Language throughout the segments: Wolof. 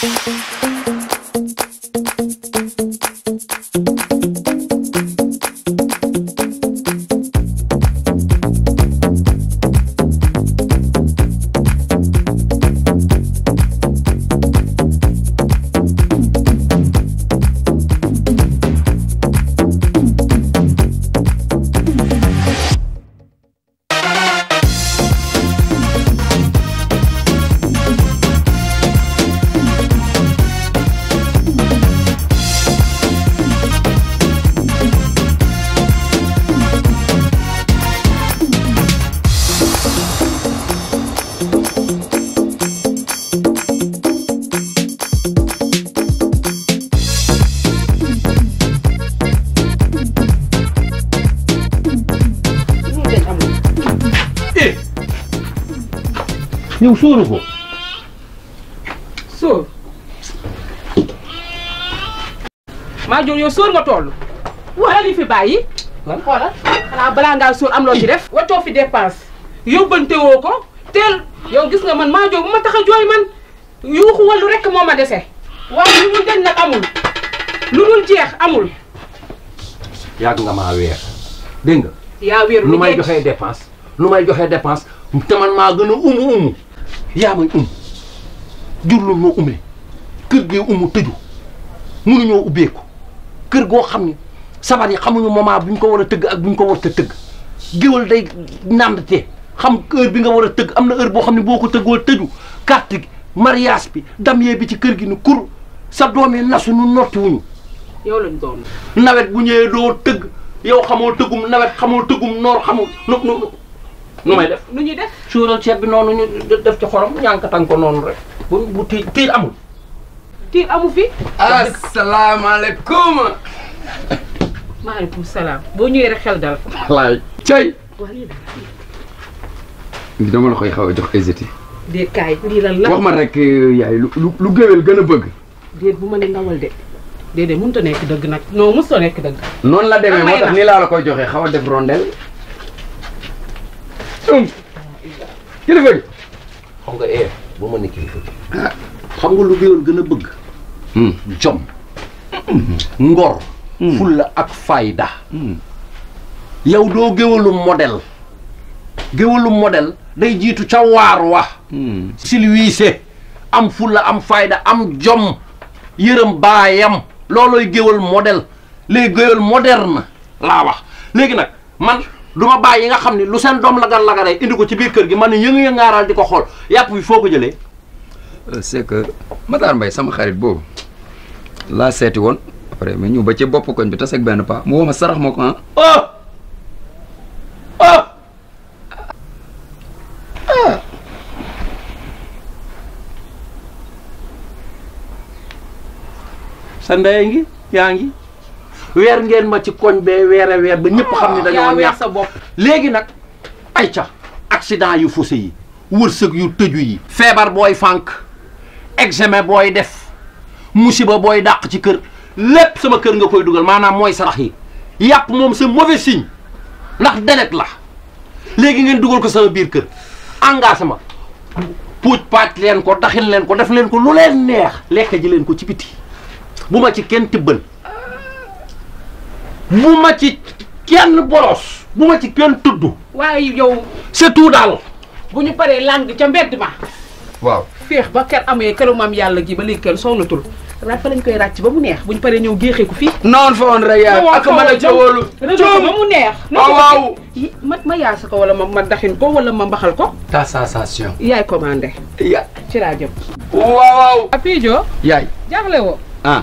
thank you ñëw sóoru ko. sóor. maa yow sóor nga toll. wala li fi bàyyi. lan xoolal xanaa balaa ngaa sóor am loo ci def. watoo fi dépense. yóbbante ko teel yow gis nga man maa joob bu ma tax a jooy man yuuxu wàllu rek moo ma dese. waaye lu dul den nag amul lu dul jeex amul. yàgg nga maa weer dégg yaa weer lu may joxee dépense lu may joxee dépense te maa gën a umu umu. yaa may um jurlul moo umee kër gee umu tëju mënuñoo ubbeeku kër goo xam ne sabar yi xamuñu moment bu ñu ko war a tëgg ak bu ñu ko war a tëgg géwal day nàndatee xam heure bi nga war a tëgg am na heure boo xam ne boo ko tëggoo tëju carte gi mariage bi damyee bi ci kër gi ni kur sa doom yi nasu nu notti wuñu nawet bu ñëwee doo tëgg yow xamoo tëggum nawet xamoo tëggum noor xamoo no nu may def nu ñuy def suural ceeb bi noonu ñu def ci xorom ñànkatan ko noonu rek bu bu tiir tiir amul tiir amu fi asalaamaaleykum maaleykum salaam boo ñëwee rek xel dal wallaay cay ndi dama la koy xaw a jox hésité déet kaay lii lan la wax ma rek euh, yaay lu lu géwél gën a bëgg déet bu ma ne ndawal de déedéet mënut a nekk dëgg nag non mënut a nekk dëgg noonu la demee moo tax nii laa la koy joxee xaw a def rondel kilifa gi. xam nga eh bu ma ne kilifa xam nga lu réew gën a bëgg. Hmm. jom. ngor. Hmm. fulla ak fayda. yow doo géwalu model géwalu modèle day jiitu ca waar wa. Hmm. silwiise am fulla am fayda am jom yërëm baayam loolooy géwal model les géwal moderne laa wax léegi nag man. luma baye nga lu sen dom la doom la lagaree indi ko ci biir kër gi man yeung yeung ya di diko ya yap bi foko jele euh, c'est que Matar Mbaye sama xarit bo la setti won après mais ñu ba ci bop koñ bi tass ak ben pa mu wama sarax moko ah. oh oh. ah. sa ndey weer ngeen ma ci koñ bee weer weer ba ñëpp xam ne dañoo ah, weex sa bopp léegi nag ay ca accident yu faussé yi wërsëg yu tëju yi feebar booy fànk examen booy def musiba booy dàq ci kër lépp sama kër nga koy dugal maanaam mooy sarax yi yàpp moom c'est mauvais signe ndax deret la léegi ngeen dugal ko sama biir kër engagement puuj paaj leen ko daxil leen ko def leen ko lu leen neex lekk ji leen ko ci biti bu ma ci kenn tibbal bu ma ci kenn boros bu ma ci kenn tudd waaye yow c'est tout daal bu ñu paree ca mbedd ma waaw féex ba ker amee këru maam yàlla gi ba léegi kenn soonatul ràcc fa lañ koy ràcc ba mu neex buñ paree ñëw géexee ko fii noon fa woon rek yaa ak mën a jëwalu rëdd ba mu neex ah, waaw waaw ma ma ko wala ma daxin ko wala ma mbaxal ko ta sensation yaay commandé ya ci laa jëm waaw waaw apijo yaay jaaxle woo ah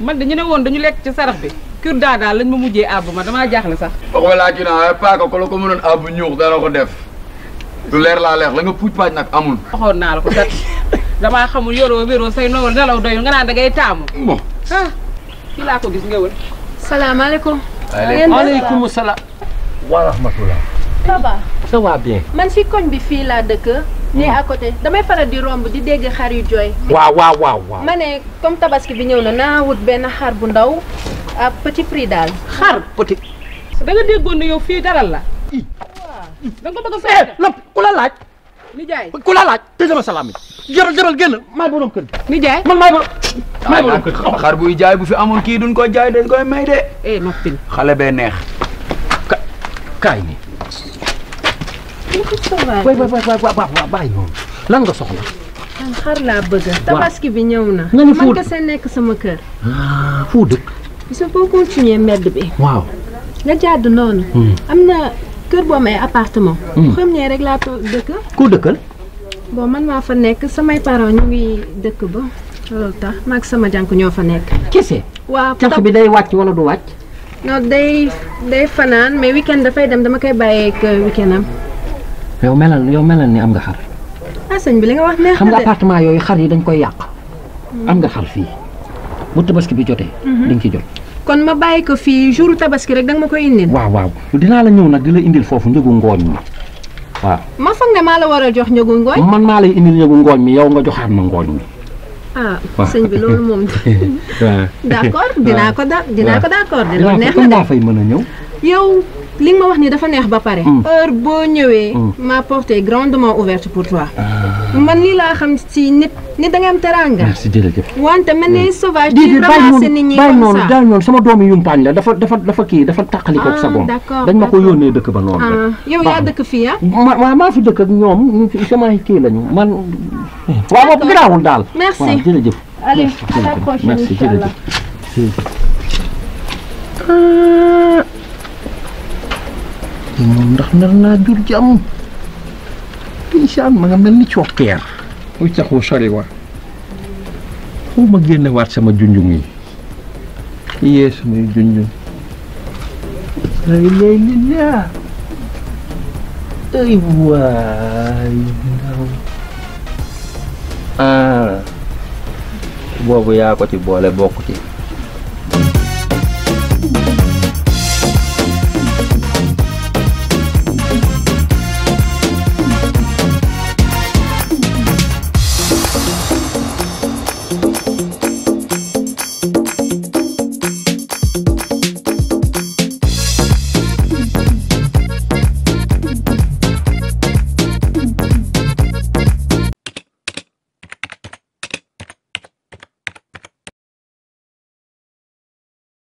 man dañu ne woon dañu lekk ci sarax bi kër daadaa lañ ma mujjé àbb ma dama jaxlé sax waxuma wala ci na pa ko ko ko mënoon ñuur da dana ko def du lèr la lèr la nga pouj paaj nak amul waxoon na la ko tat dama xamul yoro wéro say wala nelaw doyul nga na da ngay tam bon ah fii laa ko gis salam alaykum alaykum salam wa rahmatullah baba ça va bien man si koñ bi fi la dëkk ni mm-hmm. à côté damay faral di romb di dégg xar yu joy waaw waaw waaw waaw mané comme tabaski bi ñëw na na wut ben xar bu ndaw à euh, petit prix daal. xar petit. da nga déggoon ne yow fii daral la. waaw da nga ko bëgg a. Eh, fay lépp ku la laaj. nijaay ku la laaj te dama salaam yi. jëral jëral génn maay borom kër gi. nijaay man maay borom. Ah, maay borom kër gi xar buy jaay bu fi amoon kii duñ ko jaay dañ koy may de. eh noppil xale bee neex. ka kaay nii. waay waay waay waay bàyyi noonu lan nga soxla. man xar laa bëgg. tabaski bi ñëw na. nga ni foo man kese nekk sama kër. Ah, foo dëkk. sa boo continuer mbedd bi. waaw nga jàdd noonu. Hmm. am na kër boo am ay appartement. Hmm. premier rek laa toog dëkk. koo dëkkal. bon man maa fa nekk samay parents ñu ngi dëkk ba loolu tax maag sama jànk ñoo fa nekk. kese. waaw jànk bi day wàcc wala du wàcc. non day day fanaan mais weekend dafay dem dama koy bàyyeeg euh, weekend am. yow melal yow melal ni am nga xar. ah sëñ bi li nga wax neex xam nga appartement yooyu xar yi dañ koy yàq. Hmm. am nga xar fii bu tabaski bi jotee. Mhm. dañ ci jot. kon ma bàyyi ko fii jour tabaski rek danga ma koy indil. waaw waaw dinaa la ñëw nag di la indil foofu njëgu ngooñ mi waaw. ma foog ne maa la war a jox njëgu ngooñ. man maa lay indil njëgu ngooñ mi yow nga joxaat ma ngooñ mi. ah sëñ bi loolu moom. waaw d'accord dinaa ko da dinaa ko d'accord. de loolu neex na de dinaa fay mën a ñëw. yow li nga ma wax ni dafa neex ba pare. Mm. heure boo ñëwée mm. ma porte est grandement ouverte pour toi. Ah. man li la xam ci nit ni da nga am teranga merci jërëjëf wante man ni sauvage di ramasse nit ñi bay non bàyyi non sama doomi pañ la dafa dafa dafa ki dafa takali ko ah, sa bon dañ mako yone yónnee dëkk ba non ah, yow ya dëkk fi ha ah? ma maa fi dëkk ak ñom sama kii lañu man wa bop grawul dal merci jërëjëf allez à la prochaine merci jërëjëf moom ndax nar na jur jam Isa mengambil ni coker wita ko sariwa ko maginawaat sama junjungi yes, sama junjung Lailailah Ay buay Ah Buah buaya aku tiba lebok